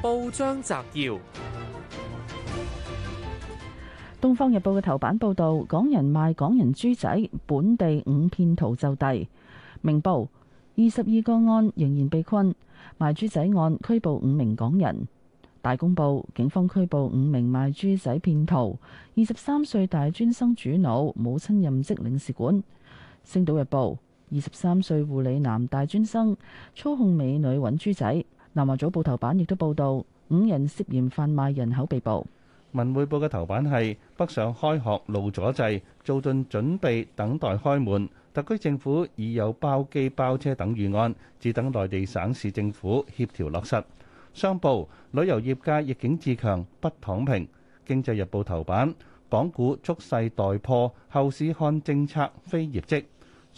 報章摘要：東方日報嘅頭版報道，港人賣港人豬仔，本地五騙徒就地明報。二十二個案仍然被困，賣豬仔案拘捕五名港人。大公報警方拘捕五名賣豬仔騙徒，二十三歲大專生主腦，母親任職領事館。星島日報二十三歲護理男大專生操控美女揾豬仔。南華早報頭版亦都報道，五人涉嫌販賣人口被捕。文匯報嘅頭版係北上開學路阻滯，做盡準備等待開門，特區政府已有包機包車等預案，只等內地省市政府協調落實。商報旅遊業界逆境自強不躺平。經濟日報頭版港股速勢待破，後市看政策非業績。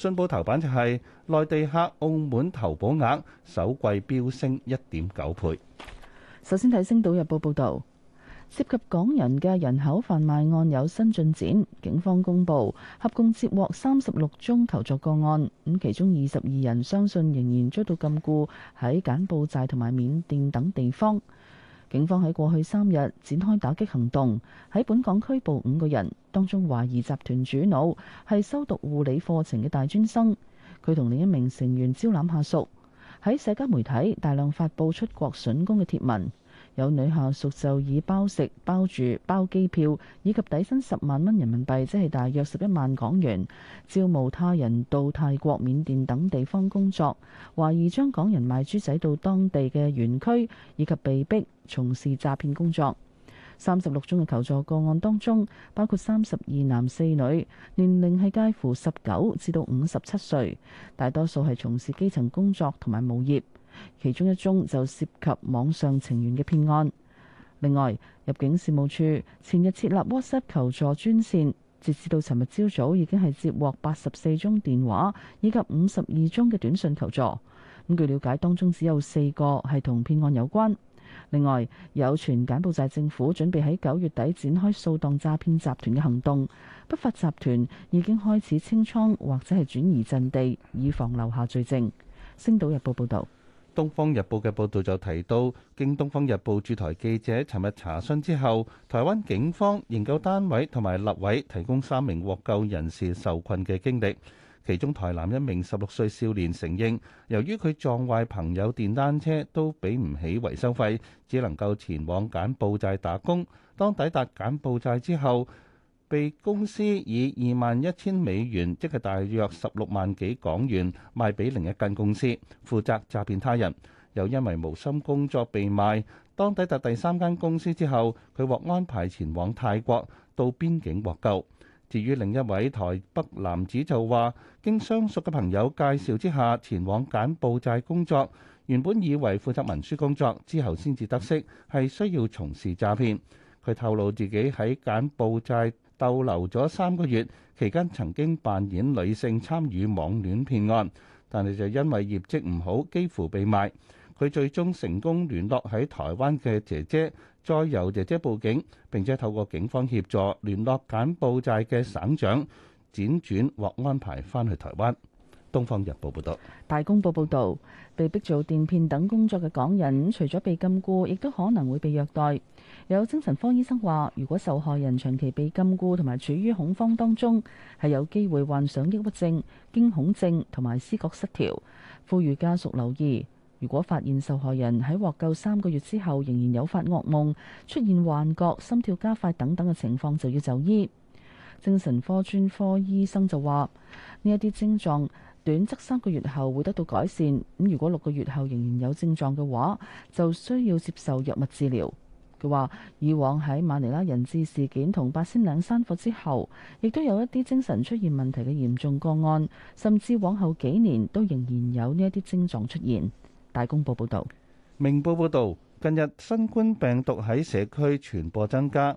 信報頭版就係內地客澳門投保額首季飆升一點九倍。首先睇《星島日報》報道，涉及港人嘅人口販賣案有新進展，警方公佈合共接獲三十六宗求助個案，咁其中二十二人相信仍然遭到禁錮喺柬埔寨同埋緬甸等地方。警方喺過去三日展開打擊行動，喺本港拘捕五個人，當中懷疑集團主腦係修讀護理課程嘅大專生，佢同另一名成員招攬下屬，喺社交媒體大量發佈出國筍工嘅帖文。有女下屬就以包食包住包機票以及底薪十萬蚊人民幣，即係大約十一萬港元，招募他人到泰國、緬甸等地方工作，懷疑將港人賣豬仔到當地嘅園區，以及被逼從事詐騙工作。三十六宗嘅求助個案當中，包括三十二男四女，年齡係介乎十九至到五十七歲，大多數係從事基層工作同埋無業。其中一宗就涉及網上情緣嘅騙案。另外，入境事務處前日設立 WhatsApp 求助專線，截至到尋日朝早已經係接獲八十四宗電話以及五十二宗嘅短信求助。咁據了解，當中只有四個係同騙案有關。另外，有傳柬埔寨政府準備喺九月底展開掃蕩詐騙集團嘅行動，不法集團已經開始清倉或者係轉移陣地，以防留下罪證。《星島日報》報道。《東方日報》嘅報導就提到，經《東方日報》駐台記者尋日查詢之後，台灣警方研究單位同埋立委提供三名獲救人士受困嘅經歷，其中台南一名十六歲少年承認，由於佢撞壞朋友電單車，都俾唔起維修費，只能夠前往柬埔寨打工。當抵達柬埔寨之後，被公司以二萬一千美元，即係大約十六萬幾港元賣俾另一間公司，負責詐騙他人。又因為無心工作被賣，當抵達第三間公司之後，佢獲安排前往泰國到邊境獲救。至於另一位台北男子就話，經相熟嘅朋友介紹之下前往柬埔寨工作，原本以為負責文書工作，之後先至得悉係需要從事詐騙。佢透露自己喺柬埔寨逗留咗三個月，期間曾經扮演女性參與網戀騙案，但係就因為業績唔好，幾乎被賣，佢最終成功聯絡喺台灣嘅姐姐，再由姐姐報警，並且透過警方協助聯絡柬埔寨嘅省長，輾轉獲安排翻去台灣。《東方日報》報道，《大公報》報道，被逼做電騙等工作嘅港人，除咗被禁錮，亦都可能會被虐待。有精神科醫生話，如果受害人長期被禁錮同埋處於恐慌當中，係有機會患上抑鬱症、驚恐症同埋思覺失調。呼籲家屬留意，如果發現受害人喺獲救三個月之後仍然有發惡夢、出現幻覺、心跳加快等等嘅情況，就要就醫。精神科專科醫生就話，呢一啲症狀，短則三個月後會得到改善，咁如果六個月後仍然有症狀嘅話，就需要接受藥物治療。佢話：以往喺馬尼拉人質事件同八仙嶺山火之後，亦都有一啲精神出現問題嘅嚴重個案，甚至往後幾年都仍然有呢一啲症狀出現。大公報報道：「明報報道，近日新冠病毒喺社區傳播增加。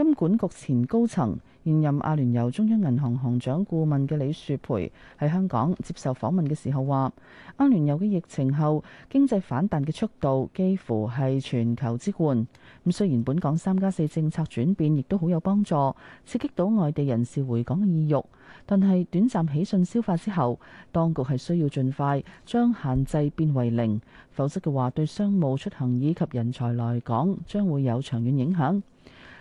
金管局前高層、現任阿聯酋中央銀行行長顧問嘅李樹培喺香港接受訪問嘅時候話，阿聯酋嘅疫情後經濟反彈嘅速度幾乎係全球之冠。咁雖然本港三加四政策轉變亦都好有幫助，刺激到外地人士回港嘅意欲，但係短暫喜訊消化之後，當局係需要盡快將限制變為零，否則嘅話對商務出行以及人才來港將會有長遠影響。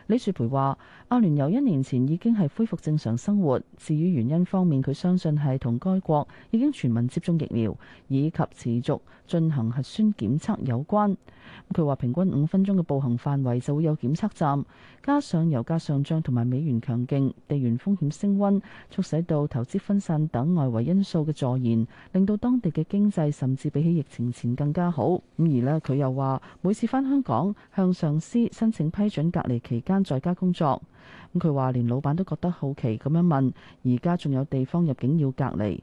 李雪培話：阿聯酋一年前已經係恢復正常生活。至於原因方面，佢相信係同該國已經全民接種疫苗以及持續進行核酸檢測有關。佢話平均五分鐘嘅步行範圍就會有檢測站，加上油價上漲同埋美元強勁，地緣風險升溫、促使到投資分散等外圍因素嘅助燃，令到當地嘅經濟甚至比起疫情前更加好。咁而呢，佢又話每次返香港向上司申請批准隔離期間。在家工作咁，佢話連老闆都覺得好奇咁樣問，而家仲有地方入境要隔離，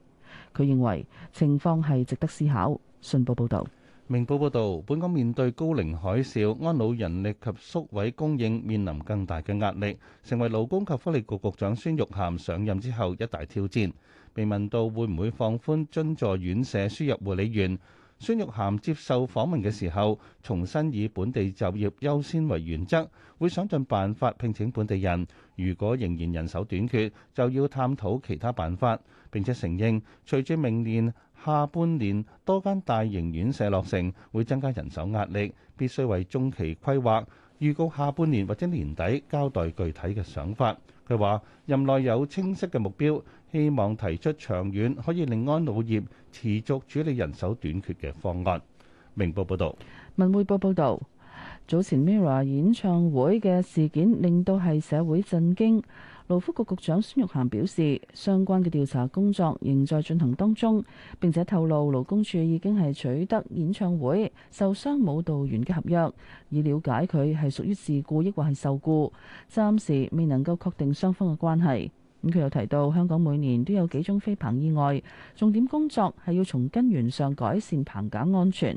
佢認為情況係值得思考。信報報道，明報報道，本港面對高齡海嘯，安老人力及宿位供應面臨更大嘅壓力，成為勞工及福利局局長孫玉菡上任之後一大挑戰。被問到會唔會放寬津助院舍輸入護理員？孫玉涵接受訪問嘅時候，重新以本地就業優先為原則，會想盡辦法聘請本地人。如果仍然人手短缺，就要探討其他辦法，並且承認，隨住明年下半年多間大型院舍落成，會增加人手壓力，必須為中期規劃。預告下半年或者年底交代具體嘅想法。佢話任內有清晰嘅目標，希望提出長遠可以令安老業持續處理人手短缺嘅方案。明報報道。文匯報報道，早前 Mira 演唱會嘅事件令到係社會震驚。勞福局局長孫玉菡表示，相關嘅調查工作仍在進行當中，並且透露勞工處已經係取得演唱會受傷舞蹈員嘅合約，以了解佢係屬於自僱抑或係受僱，暫時未能夠確定雙方嘅關係。咁、嗯、佢又提到，香港每年都有幾宗飛棚意外，重點工作係要從根源上改善棚架安全。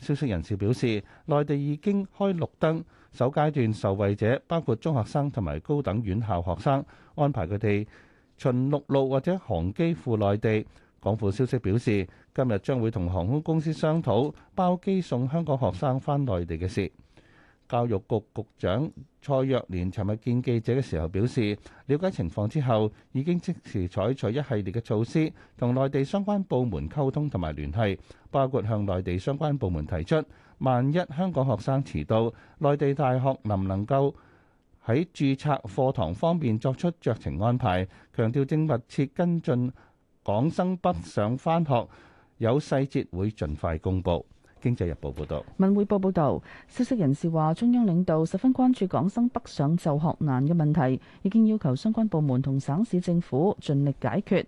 消息人士表示，內地已經開綠燈，首階段受惠者包括中學生同埋高等院校學生，安排佢哋巡陸路或者航機赴內地。港府消息表示，今日將會同航空公司商討包機送香港學生返內地嘅事。教育局局長蔡若蓮尋日見記者嘅時候表示，了解情況之後已經即時採取一系列嘅措施，同內地相關部門溝通同埋聯繫，包括向內地相關部門提出，萬一香港學生遲到，內地大學能唔能夠喺註冊課堂方面作出酌情安排，強調正密切跟進，港生北上返學有細節會盡快公布。經濟日報報導，文匯報報導，消息人士話，中央領導十分關注港生北上就學難嘅問題，已經要求相關部門同省市政府盡力解決。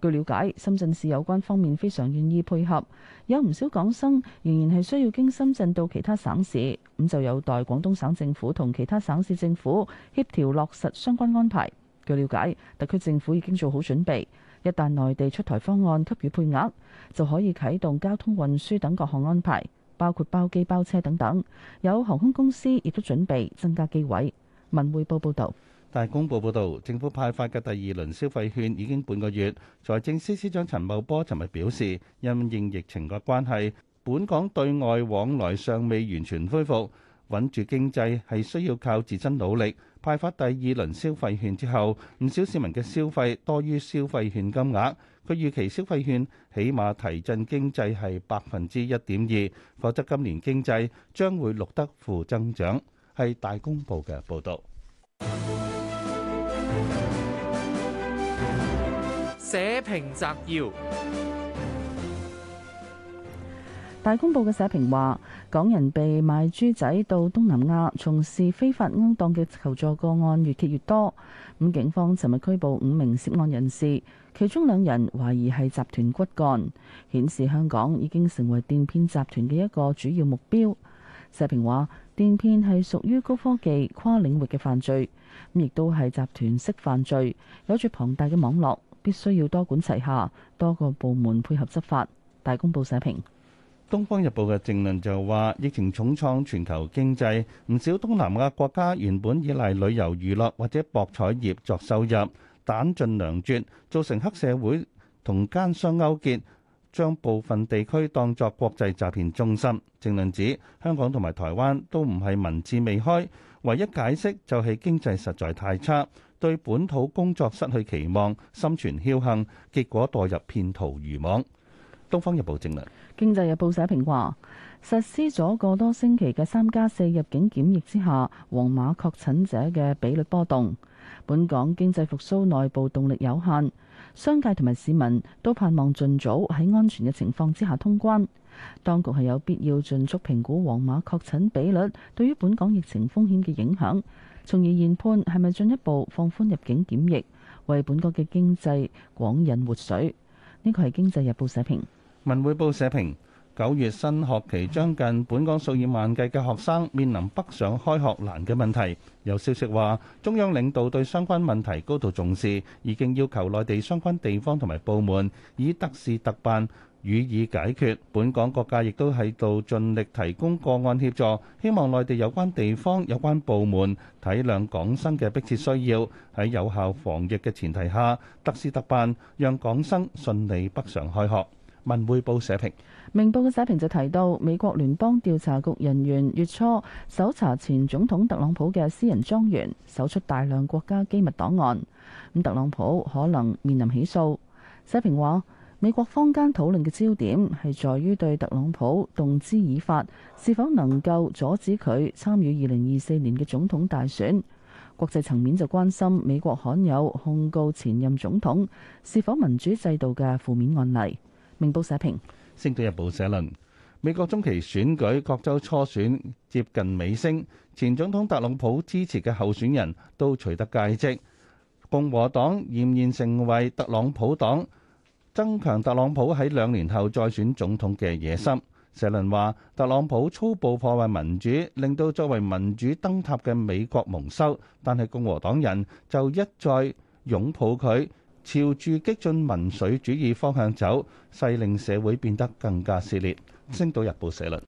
據了解，深圳市有關方面非常願意配合，有唔少港生仍然係需要經深圳到其他省市，咁就有待廣東省政府同其他省市政府協調落實相關安排。據了解，特區政府已經做好準備。一旦內地出台方案給予配額，就可以啟動交通運輸等各項安排，包括包機、包車等等。有航空公司亦都準備增加機位。文匯報報道。大公報報道，政府派發嘅第二輪消費券已經半個月。財政司司長陳茂波尋日表示，因應疫情嘅關係，本港對外往來尚未完全恢復。穩住經濟係需要靠自身努力。派發第二輪消費券之後，唔少市民嘅消費多於消費券金額。佢預期消費券起碼提振經濟係百分之一點二，否則今年經濟將會錄得負增長。係大公報嘅報道。社評摘要。大公報嘅社評話：港人被賣豬仔到東南亞從事非法勾當嘅求助個案越揭越多。咁警方尋日拘捕五名涉案人士，其中兩人懷疑係集團骨幹，顯示香港已經成為電騙集團嘅一個主要目標。社評話：電騙係屬於高科技跨領域嘅犯罪，咁亦都係集團式犯罪，有住龐大嘅網絡，必須要多管齊下，多個部門配合執法。大公報社評。《東方日報》嘅正論就話：疫情重創全球經濟，唔少東南亞國家原本依賴旅遊娛樂或者博彩業作收入，彈盡糧絕，造成黑社會同奸商勾結，將部分地區當作國際詐騙中心。正論指香港同埋台灣都唔係民智未開，唯一解釋就係經濟實在太差，對本土工作失去期望，心存僥倖，結果墮入騙徒漁網。《東方日報》正論，《經濟日報》社評話：實施咗個多星期嘅三加四入境檢疫之下，黃碼確診者嘅比率波動。本港經濟復甦內部動力有限，商界同埋市民都盼望盡早喺安全嘅情況之下通關。當局係有必要盡速評估黃碼確診比率對於本港疫情風險嘅影響，從而研判係咪進一步放寬入境檢疫，為本國嘅經濟廣引活水。呢個係《經濟日報》社評。文匯報社評：九月新學期將近，本港數以萬計嘅學生面臨北上開學難嘅問題。有消息話，中央領導對相關問題高度重視，已經要求內地相關地方同埋部門以特事特辦予以解決。本港各界亦都喺度盡力提供個案協助，希望內地有關地方有關部門體諒港生嘅迫切需要，喺有效防疫嘅前提下，特事特辦，讓港生順利北上開學。文匯報社評，明報嘅社評就提到，美國聯邦調查局人員月初搜查前總統特朗普嘅私人莊園，搜出大量國家機密檔案。咁特朗普可能面臨起訴。社評話，美國坊間討論嘅焦點係在於對特朗普動之以法，是否能夠阻止佢參與二零二四年嘅總統大選。國際層面就關心美國罕有控告前任總統是否民主制度嘅負面案例。明報社評，《星島日報》社論：美國中期選舉各州初選接近尾聲，前總統特朗普支持嘅候選人都取得佳績，共和黨儼然成為特朗普黨，增強特朗普喺兩年後再選總統嘅野心。社論話：特朗普粗暴破壞民主，令到作為民主燈塔嘅美國蒙羞，但係共和黨人就一再擁抱佢。朝住激進民粹主義方向走，勢令社會變得更加撕裂。星島日報社論。